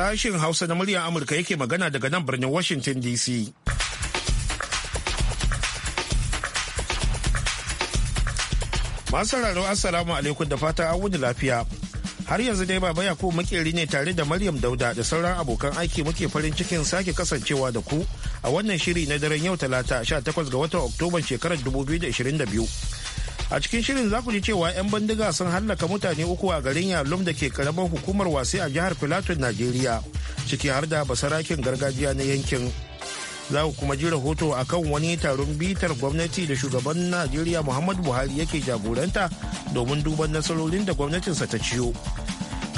sashen Hausa na muryar Amurka yake magana daga nan birnin Washington DC. Masu raro Assalamu alaikum da fata an wuni lafiya. Har yanzu dai baba Yakubu makeri ne tare da Maryam Dauda da sauran abokan aiki muke farin cikin sake kasancewa da ku a wannan shiri na daren yau talata 18 ga watan Oktoban shekarar 2022. a cikin shirin za ku ji cewa 'yan bandiga sun hallaka mutane uku a garin yalom da ke karamar hukumar wasi a jihar filato najeriya ciki har da basarakin gargajiya na yankin za ku kuma ji rahoto a kan wani taron bitar gwamnati da shugaban najeriya muhammadu buhari yake jagoranta domin duban nasarorin da gwamnatinsa ta ciyo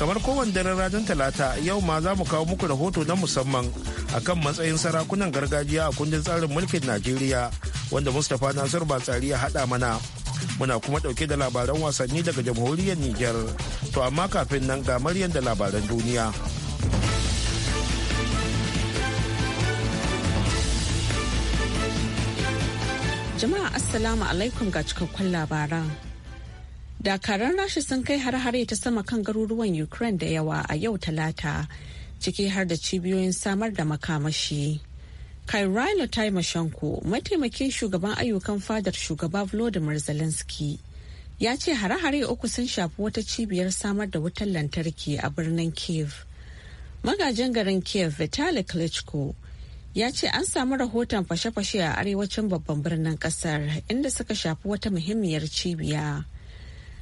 kamar kowane daren ranar talata yau ma za mu kawo muku rahoto na musamman akan matsayin sarakunan gargajiya a kundin tsarin mulkin najeriya wanda mustapha nasiru batsari ya haɗa mana muna kuma ɗauke da labaran wasanni daga jamhuriyar Nijar. To amma kafin nan ga maryam da labaran duniya. Jama'a Assalamu alaikum ga cikakkun labaran. Dakaran rashi sun kai har-hare ta sama kan garuruwan Ukraine da yawa a yau talata, ciki har da cibiyoyin samar da makamashi. Kairalo Taimashenko, mataimakin shugaban ayyukan fadar shugaba Volodymyr Zelensky, ya ce hare-hare uku sun shafi wata cibiyar samar da wutar lantarki a birnin Kiev. Magajin garin Kiev Vitaly Klitschko ya ce an samu rahoton fashe-fashe a arewacin babban birnin kasar inda suka shafi wata muhimmiyar cibiya.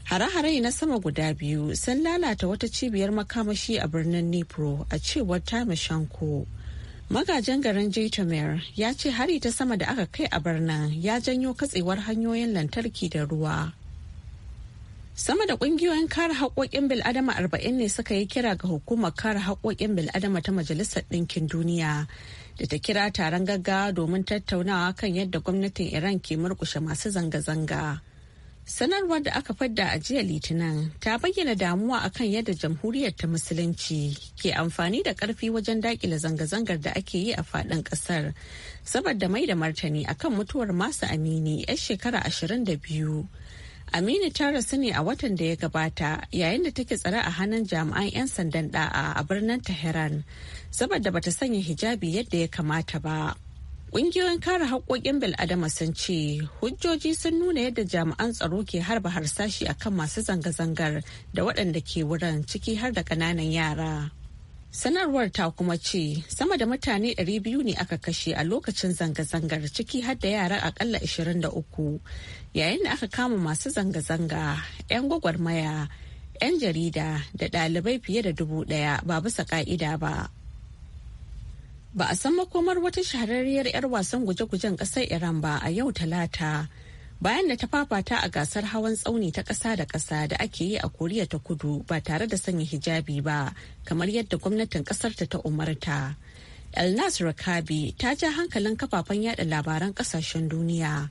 Hare-hare na sama guda biyu sun lalata wata cibiyar makamashi a birnin Nipro a cewar Taimashenko. Magajin garin Jaitamir ya ce hari ta sama da aka kai a birnin ya janyo katsewar hanyoyin lantarki da ruwa. Sama da kungiyoyin kare haƙoƙin bil'adama arba'in ne suka yi kira ga hukumar kare haƙoƙin bil'adama ta Majalisar Ɗinkin Duniya da ta kira taron gaggawa domin tattaunawa kan yadda gwamnatin Iran ke murƙushe masu zanga-zanga. sanarwar da aka fadda a jiya litinin ta bayyana damuwa akan yadda jamhuriyar ta musulunci ke amfani da karfi wajen dakile zanga-zangar da ake yi a fadin kasar saboda mai da martani akan mutuwar masu amini 'yan shekara 22 amini ta rasu ne a watan da ya gabata yayin da take tsare a hannun jami'an 'yan sandan da'a a birnin tehran saboda bata sanya hijabi yadda ya kamata ba Ƙungiyoyin kare haƙoƙin bil'adama sun ce hujjoji sun nuna yadda jami'an tsaro ke harba harsashi a kan masu zanga-zangar da waɗanda ke wurin ciki har da ƙananan yara. Sanarwar ta kuma ce sama da mutane 200 ne aka kashe a lokacin zanga-zangar ciki har da yara akalla 23 yayin da aka kama masu zanga-zanga 'yan gwagwarmaya 'yan jarida da ɗalibai fiye da dubu ɗaya ba bisa ƙa'ida ba. ba a san makomar wata shahararriyar 'yar wasan guje-gujen ƙasar iran ba a yau talata bayan da ta fafata a gasar hawan tsauni ta ƙasa da ƙasa da ake yi a koriya ta kudu ba tare da sanya hijabi ba kamar yadda gwamnatin ƙasar ta umarta elnas rakabi ta ja hankalin kafafen yada labaran ƙasashen duniya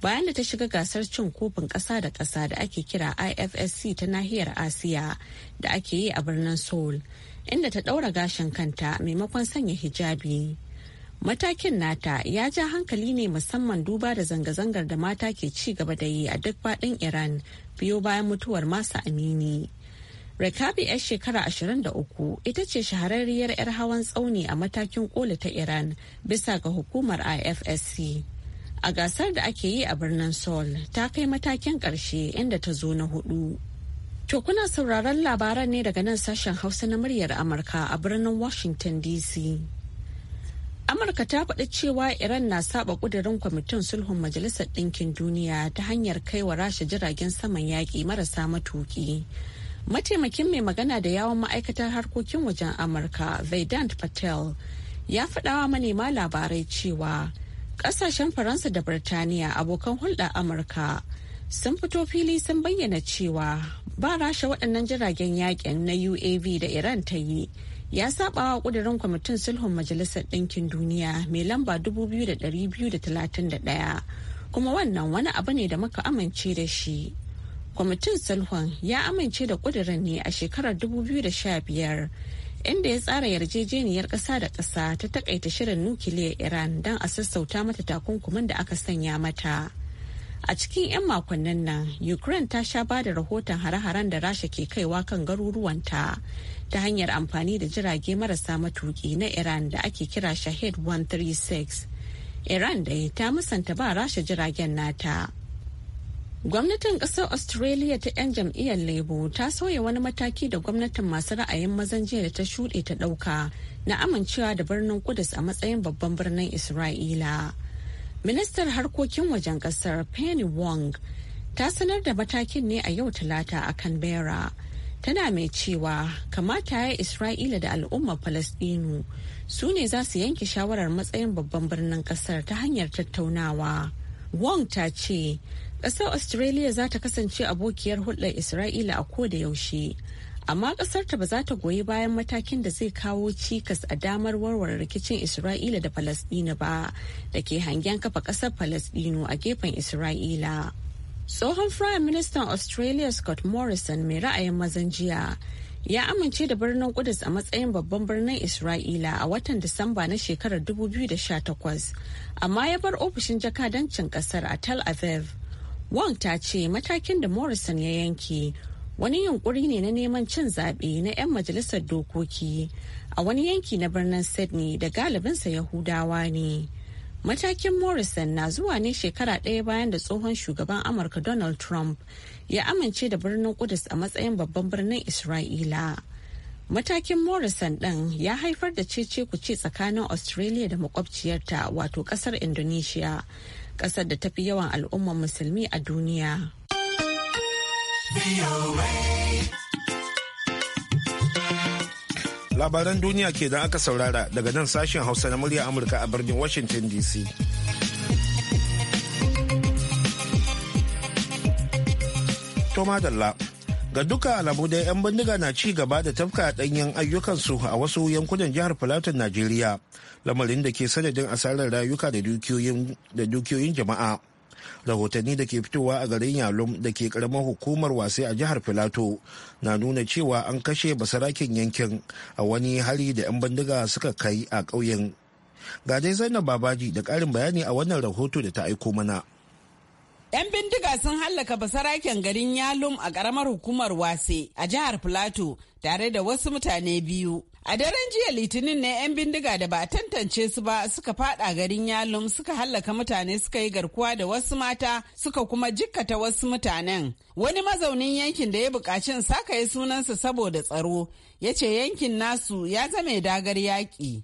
bayan da ta shiga gasar cin kofin ƙasa da ƙasa da ake kira ifsc ta nahiyar asiya da ake yi a birnin seoul inda ta ɗaura gashin kanta maimakon sanya hijabi. Matakin nata ya ja hankali ne musamman duba da zanga-zangar da mata ke ci gaba da yi a duk faɗin Iran biyo bayan mutuwar masa amini. Rekabi 'yar shekara 23 ita ce shahararriyar 'yar hawan tsauni a matakin kola ta Iran bisa ga hukumar IFSC. A gasar da ake yi a birnin sol ta kai matakin ƙarshe inda ta zo na hudu. To kuna sauraron labaran ne daga nan sashen Hausa na muryar Amurka a birnin Washington DC. Amurka ta faɗi cewa Iran na saba ƙudurin kwamitin sulhun Majalisar Ɗinkin Duniya ta hanyar kai wa rasha jiragen saman yaƙi marasa matuƙi. Mataimakin mai magana da yawon ma'aikatar harkokin wajen Amurka, Vedant Patel, ya faɗawa manema labarai cewa ƙasashen Faransa da Birtaniya abokan hulɗa Amurka. sun fito fili sun bayyana cewa ba rasha waɗannan jiragen yakin na uav da iran ta yi ya saba wa ƙudurin kwamitin sulhun majalisar ɗinkin duniya mai lamba 2231 kuma wannan wani abu ne da muka amince da shi kwamitin sulhun ya amince da ƙudurin ne a shekarar 2015 inda ya tsara yarjejeniyar ƙasa da ƙasa ta taƙaita shirin nukiliyar iran don a sassauta mata takunkumin da aka sanya mata. A cikin 'yan makonnin nan, Ukraine ta sha ba da rahoton hare-haren da Rasha ke kaiwa kan garuruwanta ta hanyar amfani da jirage marasa matuki na Iran da ake kira Shahid 136. Iran da ta musanta ba Rasha jiragen nata. Gwamnatin kasar Australia ta 'yan jam'iyyar Labour ta sauya wani mataki da gwamnatin masu ra'ayin mazan jiya da ta shuɗe ta ɗauka na amincewa da birnin Kudus a matsayin babban birnin Isra'ila. Ministar harkokin wajen kasar Penny Wong ta sanar da matakin ne a yau talata a Canberra. Tana mai cewa kamata ya Isra'ila da al'ummar Falasɗinu su ne za su yanke shawarar matsayin babban birnin kasar ta hanyar tattaunawa. Wong ta ce, kasar Australia za ta kasance abokiyar hulɗar Isra'ila a ko da yaushe. amma kasar ta ba za ta goyi bayan matakin da zai kawo cikas a damar warware rikicin isra'ila da falasdina ba da ke hangen kafa kasar falasdino a gefen isra'ila tsohon prime ministan australia scott morrison mai ra'ayin mazan jiya ya amince da birnin Kudus a matsayin babban birnin Isra'ila a watan Disamba na shekarar 2018, amma ya bar ofishin jakadancin kasar a Tel Aviv. Wong ta ce matakin da Morrison ya yanke wani yunkuri ne na neman cin zaɓe na 'yan majalisar dokoki a wani yanki na birnin sydney da galibinsa yahudawa ne matakin morrison na zuwa ne shekara ɗaya bayan da tsohon shugaban amurka donald trump ya amince da birnin kudus a matsayin babban birnin isra'ila matakin morrison ɗin ya haifar da cece ce tsakanin australia da makwabciyarta wato ƙasar indonesia ƙasar da tafi yawan al'ummar musulmi a duniya Labaran duniya ke da aka saurara daga nan sashen Hausa na murya Amurka a birnin Washington DC. Toma Dalla ga duka alamu da 'yan bindiga na ci gaba da tafka ɗanyen ayyukansu a wasu yankunan jihar Filatin Najeriya, lamarin da ke sanadin asarar rayuka da dukiyoyin jama'a. rahotanni da ke fitowa a garin yalom da ke karamar hukumar wasai a jihar filato na nuna cewa an kashe basarakin yankin a wani hari da 'yan bindiga suka kai a ƙauyen ga dai zainab babaji da ƙarin bayani a wannan rahoto da ta aiko mana 'Yan bindiga sun hallaka basarakin garin Yalum a ƙaramar hukumar Wase a jihar Filato tare da wasu mutane biyu. A daren jiya litinin ne 'yan bindiga da ba a tantance su ba suka fada garin Yalum suka hallaka mutane suka yi garkuwa da wasu mata suka kuma jikkata wasu mutanen. Wani mazaunin yankin da ya bukaci sakaye sunansa saboda tsaro ya ce yankin nasu ya zame dagar yaƙi.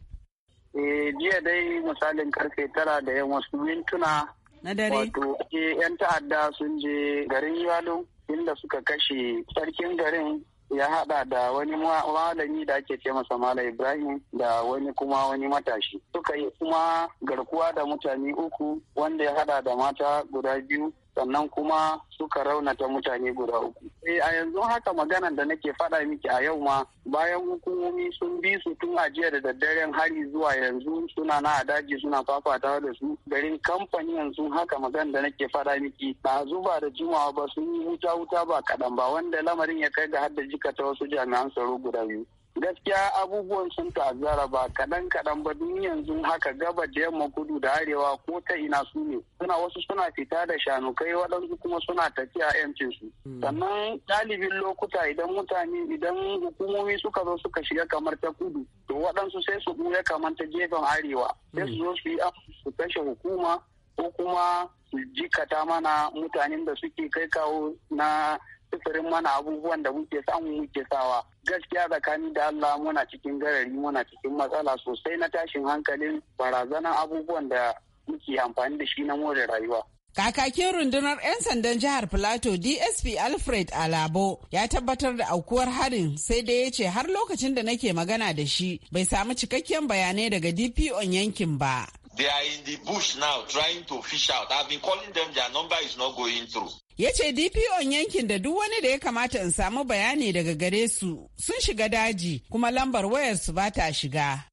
Eh, jiya dai misalin karfe tara da yan wasu mintuna na dare wato eh, yan ta'adda sun je garin Yalum inda suka kashe sarkin garin ya hada da wani malami da ake ce masa Malam Ibrahim da wani kuma wani matashi. Suka yi kuma garkuwa da mutane uku wanda ya hada da mata guda biyu sannan kuma suka raunata mutane guda uku. E, a yanzu haka maganan da nake faɗa miki a yau ma bayan hukumomi sun bi su tun a da daddare hari zuwa yanzu suna na a daji suna fafatawa da su garin kamfani yanzu haka maganan da nake faɗa miki ba zuba da jimawa ba sun yi wuta wuta ba kaɗan ba wanda lamarin ya kai ga har da jikata wasu jami'an tsaro guda biyu. gaskiya abubuwan sun ta'azzara ba kaɗan kaɗan ba duk yanzu haka gaba da yamma gudu da arewa ko ta ina su ne suna wasu suna fita da shanukai waɗansu kuma suna tafiya yancin su hmm. sannan ɗalibin lokuta idan mutane idan hukumomi suka zo suka shiga kamar ta kudu to waɗansu sai su buya kamar ta gefen arewa sai su hmm. zo su yi su kashe hukuma ko kuma su jikata mana mutanen da suke kai kawo na sifirin mana abubuwan da muke samu muke sawa gaskiya tsakani da Allah muna cikin garari muna cikin matsala sosai na tashin hankalin barazanan abubuwan da muke amfani da shi na more rayuwa. Kakakin rundunar 'yan sandan jihar Filato DSP Alfred Alabo ya tabbatar da aukuwar harin sai dai ya ce har lokacin da nake magana da shi bai samu cikakken bayanai daga DPO yankin ba. They are in the bush now trying to fish out. I've been calling them, their number is not going through. ya ce dpo'n yankin da duk wani da ya kamata in samu bayani daga gare su sun shiga daji kuma lambar wayar su ba ta shiga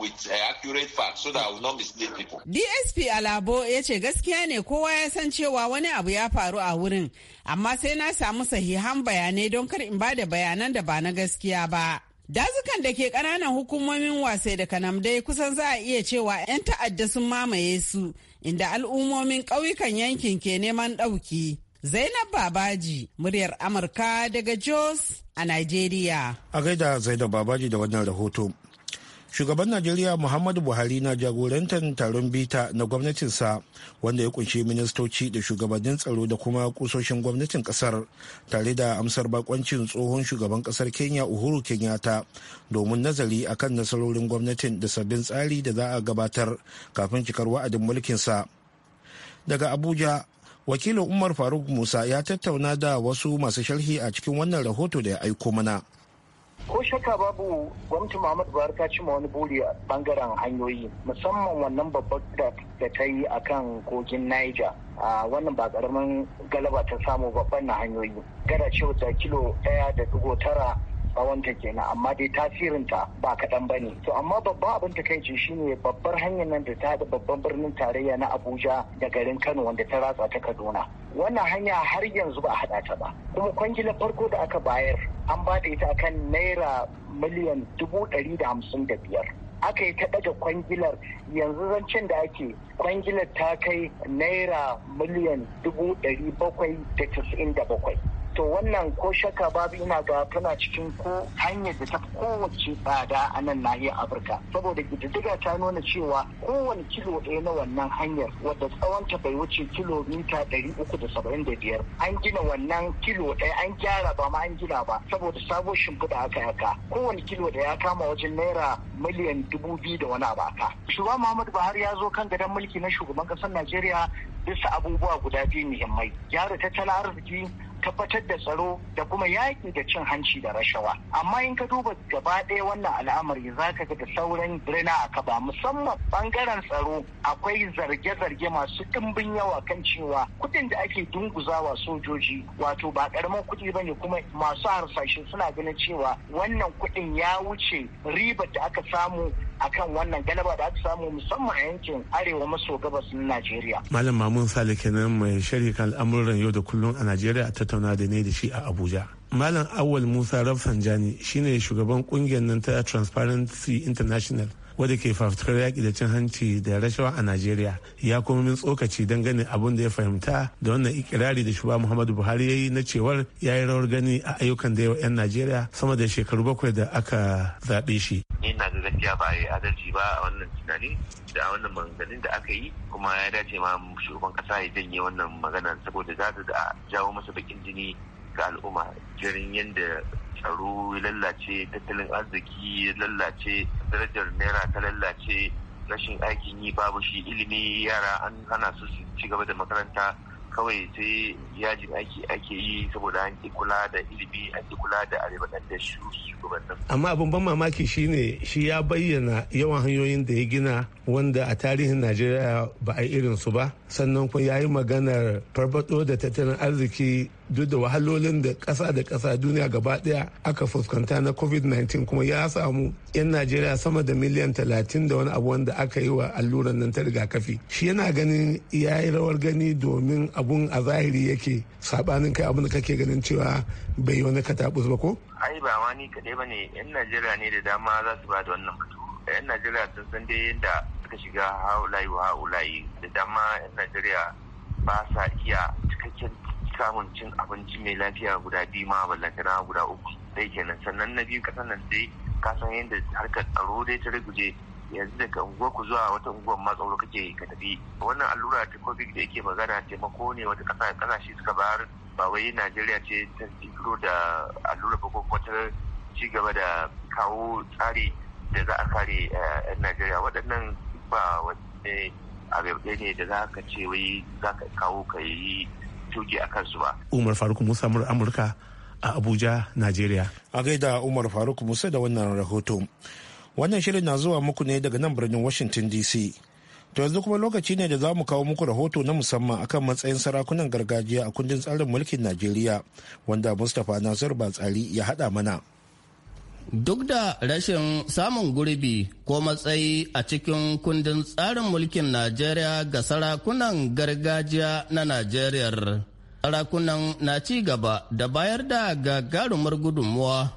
with uh, dsp alabo ya ce gaskiya ne kowa ya san cewa wani abu ya faru a wurin amma sai na samu sahihan bayanai don kar in ba da bayanan da ba na gaskiya ba Dazukan da ke ƙananan hukumomin wasai da kanamdai kusan za a iya cewa 'yan ta'adda sun mamaye su inda al'ummomin ƙauyukan yankin ke neman ɗauki. Zainab Babaji, muryar Amurka daga Jos a Nigeria. A gaida Zainab Babaji da wannan rahoto. shugaban najeriya muhammadu buhari na jagorantar taron bita na gwamnatinsa wanda ya kunshi ministoci da shugabannin tsaro da kuma kusoshin gwamnatin kasar tare da amsar bakoncin tsohon shugaban kasar kenya uhuru kenyatta domin nazari akan nasarorin gwamnatin da sabbin tsari da za a gabatar kafin cikar wa'adin mulkinsa daga abuja wakilin umar faruk musa ya tattauna da wasu masu sharhi a cikin wannan rahoto da ya aiko mana ko shakka babu gwamnati muhammadu buhari ta cima wani buri a bangaren hanyoyi musamman wannan babbar da ta yi a kan kogin niger wannan ba karamin galaba ta samu babban na hanyoyi gada ce da kilo ɗaya da dugo tara tsawonta kenan amma dai tasirinta ba kaɗan ba ne to amma babban abin ta takaici shine babbar hanyar nan da ta haɗa babban birnin tarayya na abuja da garin kano wanda ta ratsa ta kaduna wannan hanya har yanzu ba a haɗa ta ba kuma kwangilar farko da aka bayar an ba da ita akan naira miliyan dubu ɗari da hamsin da biyar aka yi ta ɗaga kwangilar yanzu zancen da ake kwangilar ta kai naira miliyan dubu ɗari bakwai da casa'in da bakwai to wannan ko shaka babu ina ga tana cikin ko hanyar da ta kowace tsada a nan nahiyar afirka saboda ƙididdiga ta nuna cewa kowane kilo ɗaya na wannan hanyar wadda tsawonta bai wuce kilomita ɗari uku da saba'in da biyar an gina wannan kilo ɗaya an gyara ba ma an gina ba saboda sabon shimfiɗa aka yaka kowane kilo da ya kama wajen naira miliyan dubu biyu da wani abu aka shugaban muhammadu buhari ya zo kan gadon mulki na shugaban ƙasar najeriya bisa abubuwa guda biyu muhimmai gyara tattalin arziki tabbatar da tsaro da kuma yaƙi da cin hanci da rashawa amma in ka duba gaba ɗaya wannan al'amari za ka ga da sauran rina a kaba musamman ɓangaren tsaro akwai zarge-zarge masu ɗimbin yawa kan cewa kuɗin da ake dunguzawa sojoji wato ba ƙaramin kuɗi ba ne kuma masu harsashe suna ganin cewa wannan kuɗin ya wuce ribar da aka samu akan wannan galaba da aka samu musamman a yankin arewa maso gabas na Najeriya. Malam Mamun Sale kenan mai sharhi kan al'amuran yau da kullum a Najeriya a tattauna da ne da shi a Abuja. Malam Awal Musa Rafsanjani shine shugaban kungiyar nan ta Transparency International. wadda ke fafutukar yaƙi da cin hanci da rashawa a najeriya ya kuma min tsokaci ganin abin da ya fahimta da wannan ikirari da shugaba muhammadu buhari ya yi na cewar ya yi rawar gani a ayyukan da yawa 'yan najeriya sama da shekaru bakwai da aka zaɓe shi ina ga gaskiya ba a yi adalci ba a wannan tunani da a wannan maganganun da aka yi kuma ya dace ma shugaban kasa ya janye wannan maganar saboda za ta jawo masa bakin jini ga al'umma jirin yadda tsaro ya lallace tattalin arziki ya lallace darajar naira ta lallace rashin aikin yi babu shi ilimi yara an hana su su ci gaba da makaranta kawai sai yajin aiki ake yi saboda an ki kula da ilimi an ki kula da arewa da shugabannin. amma abin ban mamaki shine shi ya bayyana yawan hanyoyin da ya gina wanda a tarihin najeriya ba a irin su ba sannan kuma ya yi maganar farfado da tattalin arziki duk da wahalolin da ƙasa da ƙasa duniya gaba ɗaya aka fuskanta na covid-19 kuma ya samu 'yan najeriya sama da miliyan 30 da wani abu wanda aka yi wa alluran nan ta rigakafi shi yana ganin ya yi rawar gani domin abun a zahiri yake sabanin kai abun da kake ganin cewa bai yi wani kataɓus ba ko ai ba wani ni kaɗai ba ne 'yan najeriya ne da dama za su ba da wannan batu 'yan najeriya sun san dai yadda suka shiga haulayi wa haulayi da dama 'yan najeriya ba sa iya cikakken samun cin abinci mai lafiya guda biyu ma ballantana guda uku dai kenan sannan na biyu kasan nan dai ka san yadda harkar tsaro dai ta riguje yanzu daga unguwar ku zuwa wata unguwar ma tsaro kake ka tafi wannan allura ta covid da yake magana taimako ne wata kasa kasashe suka bayar ba wai najeriya ce ta fito da allura ba ko ta ci gaba da kawo tsari da za a kare yan eh, najeriya waɗannan ba wani abu ne da za ka ce wai za ka kawo ka yi toge a kansu ba. Umar Faruk Musa Amurka a Abuja, Najeriya. A gaida Umar Faruk Musa da wannan rahoto. Wannan shirin na zuwa muku ne daga nan birnin Washington DC. To yanzu kuma lokaci ne da za mu kawo muku rahoto na musamman akan matsayin sarakunan gargajiya a kundin tsarin mulkin Najeriya wanda Mustapha Nasiru Batsari ya haɗa mana. Duk da rashin samun gurbi ko matsayi a cikin kundin tsarin mulkin Najeriya ga sarakunan gargajiya na Najeriya, sarakunan na ci gaba da bayar da gagarumar gudunmuwa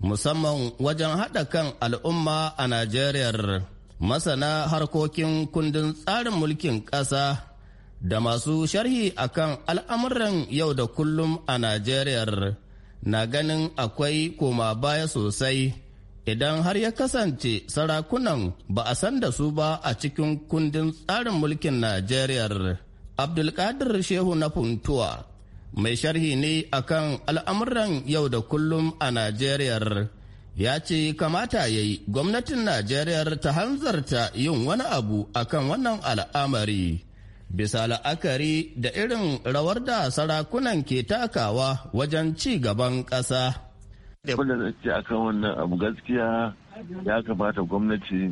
musamman wajen haɗa kan al'umma a Najeriya. Masana harkokin kundin tsarin mulkin ƙasa da masu sharhi akan al'amuran yau da kullum a Najeriya. na ganin akwai koma baya sosai idan har ya kasance sarakunan ba a san da su ba a cikin kundin tsarin mulkin Najeriya. Abdulkadir Shehu na Funtuwa mai sharhi ne akan al'amuran yau da kullum a Najeriya. Ya ce kamata ya yi gwamnatin Najeriya ta hanzarta yin wani abu akan wannan al'amari. bisa la'akari da irin rawar da sarakunan ke takawa wajen ci gaban ƙasa. da ce akan wannan abu gaskiya ya kamata gwamnati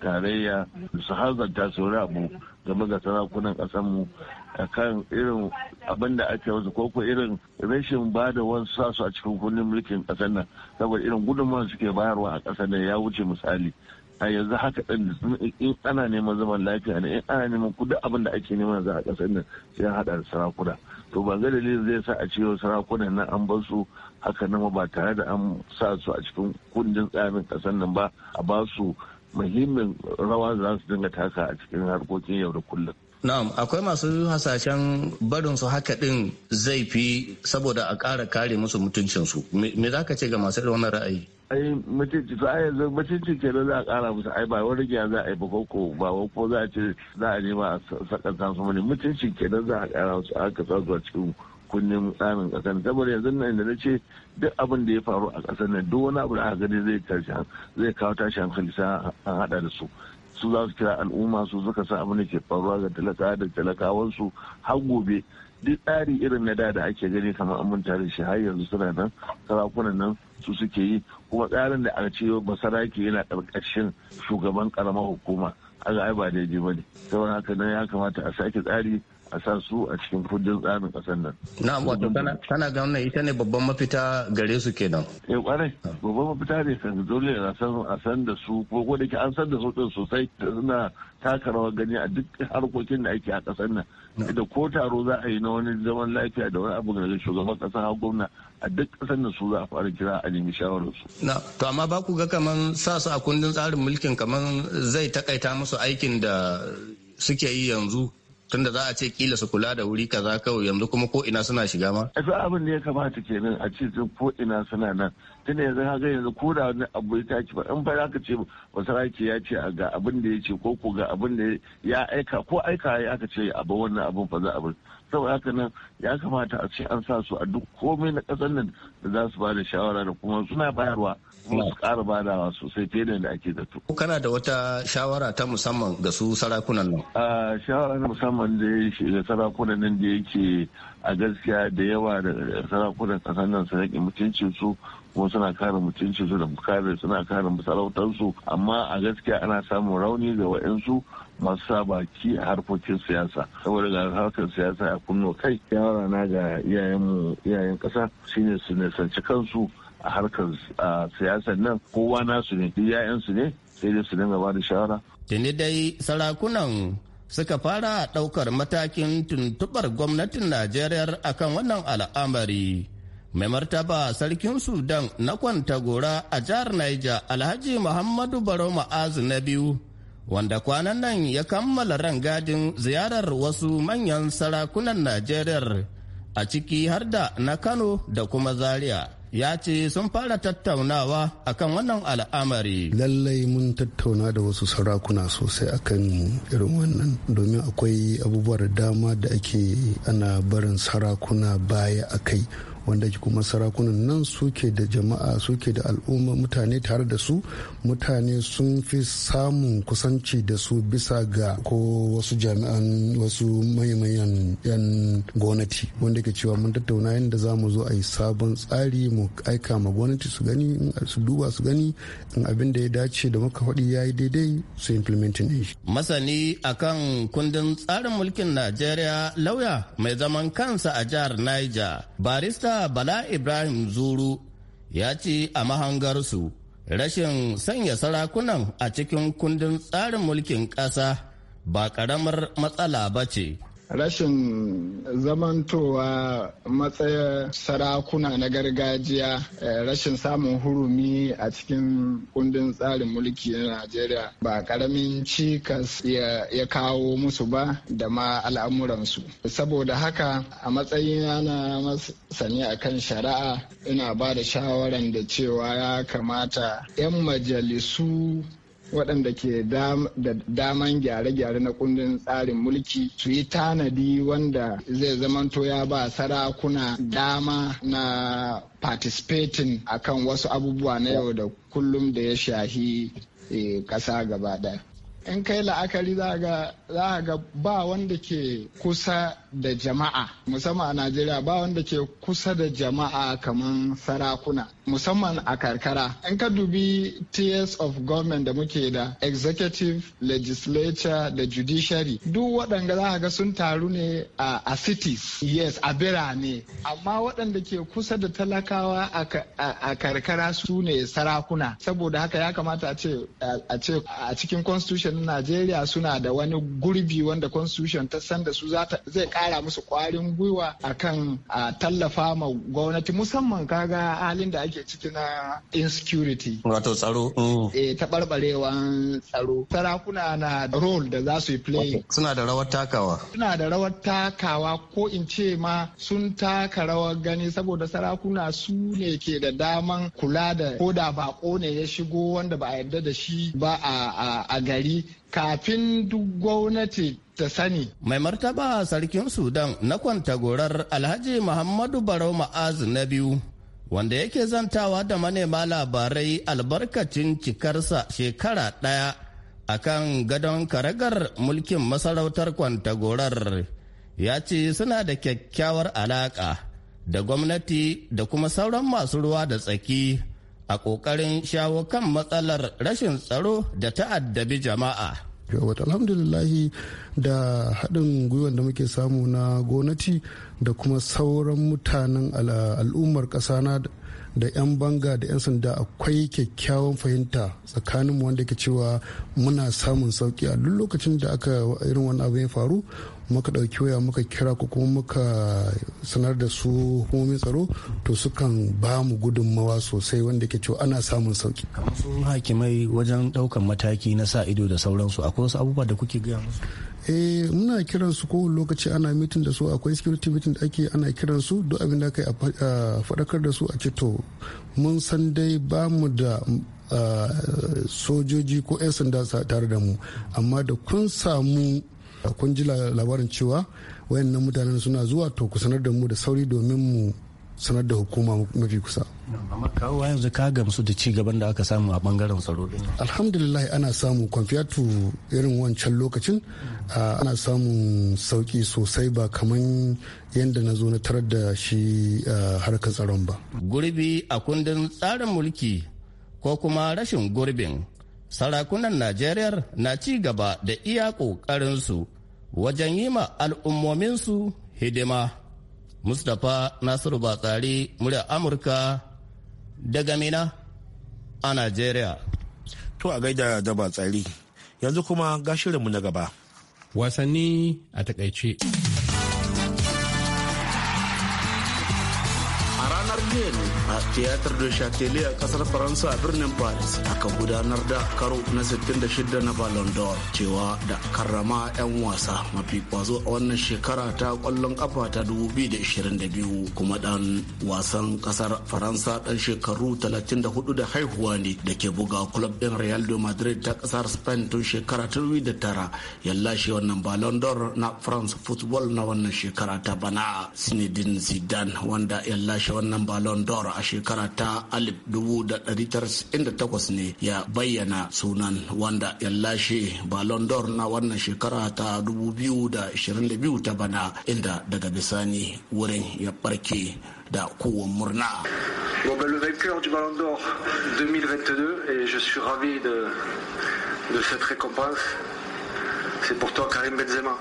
tarayya su hanzarta su abu game da sarakunan ƙasanmu a kan irin abin da ake wasu koko irin rashin ba da wasu sasu a cikin kundin mulkin ƙasar nan saboda irin gudunmawa suke bayarwa a ƙasar nan ya wuce misali a yanzu haka ɗin in ana neman zaman lafiya ne in ana neman kudin abin da ake neman za a ƙasar nan sai haɗa da sarakuna to ban ga dalilin zai sa a cewa sarakunan nan an bar su haka nan ba tare da an sa su a cikin kundin tsarin ƙasar nan ba a ba su muhimmin rawa za su dinga taka a cikin harkokin yau da kullum. Na'am akwai masu hasashen barin su haka din zai fi saboda a ƙara kare musu mutuncinsu. Me za ka ce ga masu irin wannan ra'ayi? ai mutunci to ai yanzu mutunci ke da za a kara musu ai ba wani rigiya za a yi ba ko ba ko za a ce za a nema a sakanta su mani mutunci ke da za a kara musu aka zuwa cikin kunnen tsarin kasar saboda yanzu nan da na ce duk abin da ya faru a kasar nan duk wani abu da aka gani zai kawo tashi hankali sa an hada da su su za su kira al'umma su suka sa abin da ke faruwa ga talaka da talakawansu har gobe duk tsari irin na da da ake gani kamar an manta da shi har yanzu suna nan sarakunan nan su suke yi kuma tsarin da aka ce basarake yana karkashin shugaban karamar hukuma aga ai ba daidai ba ne saboda haka nan ya kamata a sake tsari a sa su a cikin kundin tsarin kasar nan. Na wato kana ga wannan ita ne babban mafita gare su kenan. Eh kwarai babban mafita ne kan dole a san a san da su ko ko da ke an san da su din sosai suna taka rawar gani a duk harkokin da ake a kasar nan. Da ko taro za a yi na wani zaman lafiya da wani abu zai shugaban ƙasa har gwamna a duk kasar nan su za a fara kira a nemi shawararsu. Na to amma ba ku ga kaman sa su a kundin tsarin mulkin kaman zai takaita musu aikin da suke yi yanzu tunda za a ce kila su kula da wuri kaza kawai yanzu kuma ko ina suna shiga ma. Aka abin da ya kamata kenan a ce ko ina suna nan tun yanzu haka yanzu ko da wani abu ya tashi ba in fa za ka ce basarake ya ce ga abin da ya ce ko ko ga abin da ya aika ko aika ya aka ce abu wannan abin fa za a bar saboda haka nan ya kamata a ce an sa su a duk komai na kasar nan da za su bada shawara da kuma suna bayarwa kuma su ƙara badawa sosai fiye da ake zato. ko kana da wata shawara ta musamman ga su sarakunan nan. shawara na musamman da sarakunan nan da yake a gaskiya da yawa da sarakunan ƙasar nan su rage mutuncin su kuma suna kare mutuncin su da kare suna kare masarautar su amma a gaskiya ana samun rauni ga wa'insu masu sa baki a harkokin siyasa saboda ga harkar siyasa ya kunno kai yawara na ga iyayenmu iyayen ƙasa shine su sanci kansu a harkar siyasar nan kowa nasu ne duk 'ya'yansu ne sai dai su dinga ba da shawara. Tuni dai sarakunan suka fara ɗaukar matakin tuntuɓar gwamnatin Najeriya kan wannan al'amari. Mai martaba sarkin Sudan na kwanta gora a jihar Niger Alhaji Muhammadu Baro Ma'azu na biyu, wanda kwanan nan ya kammala rangadin ziyarar wasu manyan sarakunan Najeriya a ciki har da na Kano da kuma Zaria. ya ce sun fara tattaunawa akan wannan al'amari. Lallai mun tattauna da wasu sarakuna sosai akan irin wannan domin akwai abubuwar dama da ake ana barin sarakuna baya a kai. wanda kuma sarakunan nan suke da jama'a suke da al'umma mutane tare da su mutane sun fi samun kusanci da su bisa ga ko wasu jami'an wasu maimayan yan gwamnati wanda ke cewa mun tattauna yadda za mu zo a yi sabon tsari mu aika ma gwamnati su gani su duba su gani in abin da ya dace da muka faɗi ya yi daidai su implementing ne shi. masani akan kundin tsarin mulkin najeriya lauya mai zaman kansa a jihar niger barista Bala Ibrahim Zuru ya ce a mahangarsu rashin sanya sarakunan a cikin kundin tsarin mulkin ƙasa ba ƙaramar matsala ba ce. rashin zamantowa matsayar sarakuna na gargajiya eh, rashin samun hurumi a cikin kundin tsarin mulki na najeriya ba karamin cikas ya kawo musu ba da ma al'amuransu saboda haka a matsayin na masani a kan shari'a ina ba da shawaran da cewa ya kamata 'yan majalisu waɗanda ke da daman gyare-gyare na kundin tsarin mulki su yi tanadi wanda zai zamanto ya ba sarakuna dama na participating a kan wasu abubuwa na yau da kullum da ya shahi e, ƙasa gaba ɗaya. in kai la'akari za a ga ba wanda ke kusa da jama'a musamman a najeriya ba wanda ke kusa da jama'a kamar sarakuna musamman a karkara an ka dubi tiers of government da muke da executive legislature da judiciary duk waɗanda za ga sun taru ne a cities yes a birane amma waɗanda ke kusa da talakawa a karkara su ne sarakuna saboda haka ya kamata a ce a cikin constitution na najeriya suna da wani gurbi wanda constitution ta san da su zai kara musu kwarin gwiwa akan tallafa ma gwamnati musamman kaga halin da ake ke ciki na insecurity. Wato tsaro. Mm. Eh taɓarɓarewan tsaro. Sarakuna na role da za su yi play. Suna da rawar takawa. Suna da rawar takawa ko in ce ma sun taka rawar gani saboda sarakuna su ne ke da daman kula da ko da bako ne ya shigo wanda ba a yarda da shi ba a gari kafin duk gwamnati ta sani. Mai martaba sarkin Sudan na kwanta gorar Alhaji Muhammadu Barau Ma'az na biyu wanda yake zantawa da manema labarai albarkacin cikarsa shekara ɗaya a kan gadon karagar mulkin masarautar kwantagorar ya ce suna da kyakkyawar alaƙa da gwamnati da kuma sauran masu ruwa da tsaki a ƙoƙarin shawo kan matsalar rashin tsaro da ta'addabi jama'a. yawat alhamdulillahi da haɗin gwiwan da muke samu na gonati da kuma sauran mutanen al'ummar ƙasana da 'yan banga da 'yan sanda akwai kyakkyawan fahimta tsakanin wanda ke cewa muna samun sauki a duk lokacin da aka irin wani abu ya faru muka ɗauki waya muka kira ko kuma muka sanar da su hukumomin tsaro to sukan ba mu gudunmawa sosai wanda ke cewa ana samun sauki kamar sun hakimai wajen ɗaukan mataki na sa ido da sauransu akwai wasu abubuwa da kuke gaya musu eh muna kiran su ko lokaci ana mitin da su akwai security mitin da ake ana kiran su duk abin da aka faɗakar da su a ce to mun san dai ba mu da sojoji ko 'yan sanda tare da mu amma da kun samu kun ji labarin cewa wayannan mutanen suna zuwa to ku sanar da mu da sauri domin mu sanar da hukuma mafi kusa. amma kawo yanzu ka gamsu da ci gaban da aka samu a bangaren tsaro alhamdulillah ana samu kwamfiyatu irin wancan lokacin ana samun sauki sosai ba kamar yadda na zo na tarar da shi harkar tsaron ba gurbi a kundin tsarin mulki ko kuma rashin gurbin sarakunan najeriya na ci gaba da iya ƙoƙarinsu wajen yi ma al'ummominsu hidima. Mustapha Nasiru Batsari murya Amurka daga Mina a Najeriya. To a gaida da Batsari, yanzu kuma ga mu na gaba. Wasanni a takaice. tiyatar da Châtelet a kasar Faransa a birnin Paris aka gudanar da karo na 66 na Ballon d'Or cewa da karrama 'yan wasa mafi kwazo a wannan shekara ta kwallon kafa ta 2022 kuma dan wasan kasar Faransa dan shekaru 34 da haihuwa ne da ke buga club din Real de Madrid ta kasar Spain tun shekara ta 2009 ya lashe wannan Ballon d'Or na France Football na wannan shekara ta bana sinidin Zidane wanda ya lashe wannan Ballon d'Or a shekara ta 1998 ne ya bayyana sunan wanda ya lashe Ballon d'Or na wannan shekara ta 2022 ta bana inda daga bisani wurin ya barke da kowa murna. Bon ben le vainqueur du Ballon d'Or 2022 et je suis ravi de, de cette récompense. C'est pour toi Karim Benzema.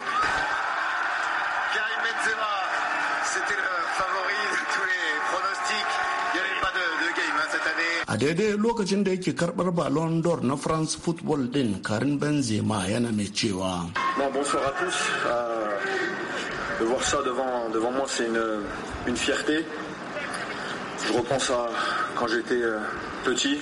A daidai lokacin da yake karbar Ballon d'Or na France Football din karin Benzema yana mai cewa. Bon, bonsoir tous. Euh, de voir ça devant, devant moi, c'est une, une fierté. Je repense à quand j'étais euh, petit,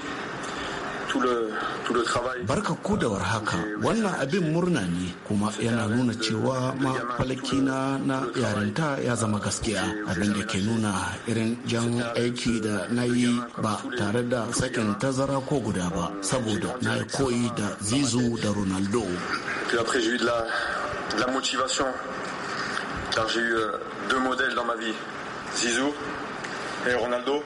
Barka ku da warhaka eh, wannan abin murna ne kuma yana nuna cewa mafalakina na yarinta ya zama gaskiya eh, abin da ke nuna irin jan aiki da na yi ba tare da sakin tazara ko guda ba saboda na yi koyi da zizu da ronaldo. la Ronaldo.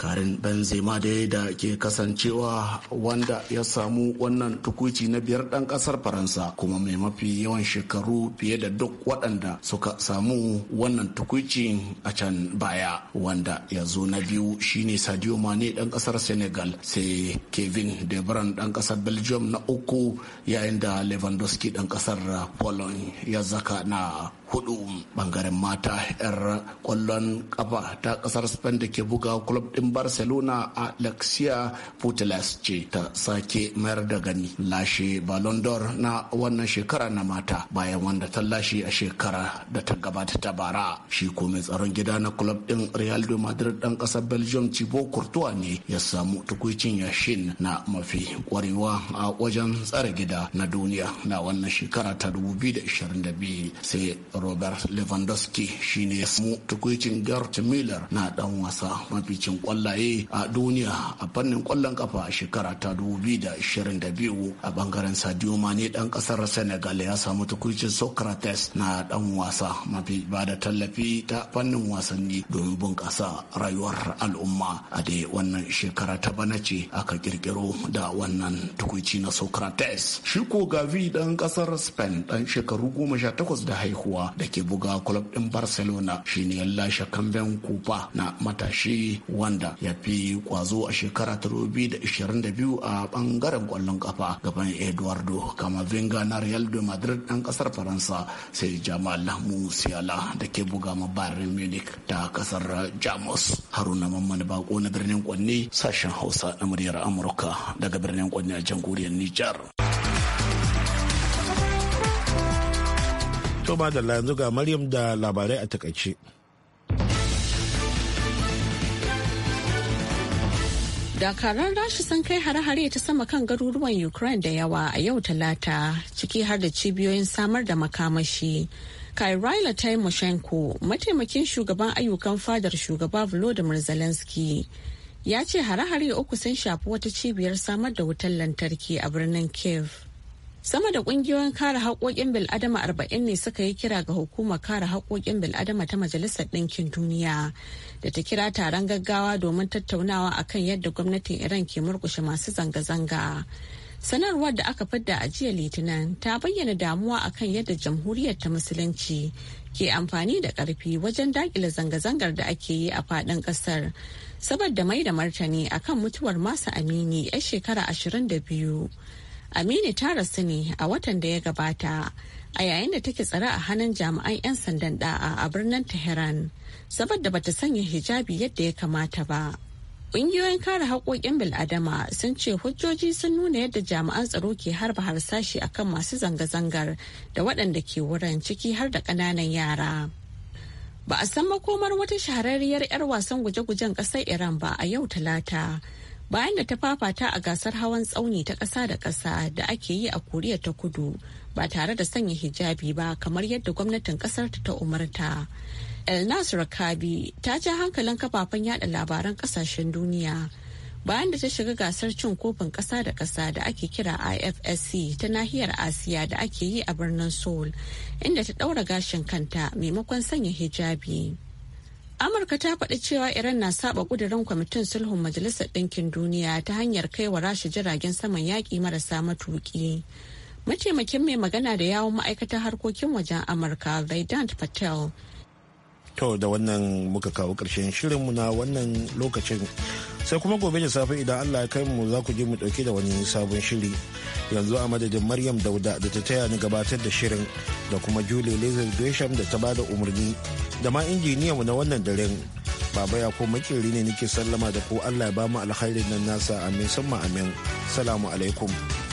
karin benzema dai da ke kasancewa wanda ya samu wannan tukuci na biyar dan kasar faransa kuma mai mafi yawan shekaru fiye da duk waɗanda suka samu wannan tukuci a can baya wanda ya zo na biyu shine sadio mane dan kasar senegal sai kevin de bruyne dan kasar belgium na uku yayin da lewandowski dan kasar poland ya zaka na hudu bangaren mata 'yar kwallon kafa ta kasar spain da ke buga club din barcelona a alexia putelas ce ta sake mayar da gani lashe ballon d'or na wannan shekara na mata bayan wanda ta lashe a shekara da ta gabata ta bara shi ko tsaron gida na club din real de madrid dan kasar belgium cibo courtois ne ya samu tukuicin yashin na mafi kwarewa a wajen tsare gida na duniya na wannan shekara ta 2022 sai robert lewandowski shine ya samu tukuicin gert miller na dan wasa maficin kwallaye a duniya a fannin kwallon kafa a shekara ta 2022 a bangaren sadio mane dan kasar senegal ya samu tukuicin socrates na dan wasa mafi Bada da tallafi ta fannin wasanni domin bunkasa rayuwar al'umma a dai wannan shekara ta bana ce aka kirkiro da wannan tukuici na socrates shi ko gavi dan kasar spain dan shekaru 18 da haihuwa da ke buga club ɗin Barcelona shine ya lashe kamben kufa na matashi wanda ya fi kwazo a shekara ta biyu a bangaren kwallon kafa gaban Eduardo Camavinga na Real de Madrid ɗan ƙasar Faransa sai Jamal Musiala da ke buga ma Bayern Munich da ƙasar Jamus. Haruna Mamman Bako na birnin Kwanne sashen Hausa na muryar Amurka daga birnin Kwanne a jamhuriyar Nijar. To ba da yanzu ga Maryam da labarai a takaice. Dakaran rashi sun kai hare-hare ta sama kan garuruwan Ukraine da yawa a yau talata ciki har da cibiyoyin samar da makamashi. Kairaila Taimoshenko, mataimakin shugaban ayyukan fadar shugaba Volodymyr Zelensky, ya ce hare-hare uku sun shafi wata cibiyar samar da wutar lantarki a birnin Kiev. sama da kungiyoyin kare haƙoƙin bil'adama arba'in ne suka yi kira ga hukumar kare haƙoƙin bil'adama ta majalisar ɗinkin duniya da ta kira taron gaggawa domin tattaunawa akan yadda gwamnatin iran ke murkushe masu zanga-zanga sanarwar da aka fidda a jiya litinin ta bayyana damuwa akan yadda jamhuriyar ta musulunci ke amfani da ƙarfi wajen daƙile zanga-zangar da ake yi a faɗin ƙasar saboda mai da martani akan mutuwar masa amini 'yar shekara 22 Aminu ta rasu ne a watan da ya gabata a yayin da take tsare a hannun jami'an 'yan sandan da'a a birnin Tehran saboda bata sanya hijabi yadda ya kamata ba. Ƙungiyoyin kare haƙoƙin bil'adama sun ce hujjoji sun nuna yadda jami'an tsaro ke harba harsashi a kan masu zanga-zangar da waɗanda ke wurin ciki har da ƙananan yara. Ba a san makomar wata shahararriyar 'yar wasan guje-gujen ƙasar Iran ba a yau Talata. bayan da ta fafata a gasar hawan tsauni ta ƙasa da ƙasa da ake yi a koriya ta kudu ba tare da sanya hijabi ba kamar yadda gwamnatin ƙasar ta umarta el nasir kabi ta ja hankalin kafafen yada labaran ƙasashen duniya bayan da ta shiga gasar cin kofin ƙasa da ƙasa da ake kira ifsc ta nahiyar asiya da ake yi a birnin seoul inda ta ɗaura gashin kanta maimakon sanya hijabi. Amurka ta faɗi cewa Iran na saba ƙudurin kwamitin sulhun Majalisar Ɗinkin Duniya ta hanyar kai wa rasha jiragen saman yaƙi marasa matuƙi. Mataimakin mai magana da yawon ma'aikatar harkokin wajen Amurka Vedant Patel. To da wannan muka kawo ƙarshen shirinmu na wannan lokacin sai kuma gobe da safe idan allah ya kai mu za ku je mu dauke da wani sabon shiri yanzu a madadin maryam dauda da ta taya ni gabatar da shirin da kuma julie lizard gresham da ta bada umarni da ma mu na wannan daren baba ya ko makeri ne nake sallama da ku allah ya ba mu alkhairin nan nasa amin summa amin salamu alaikum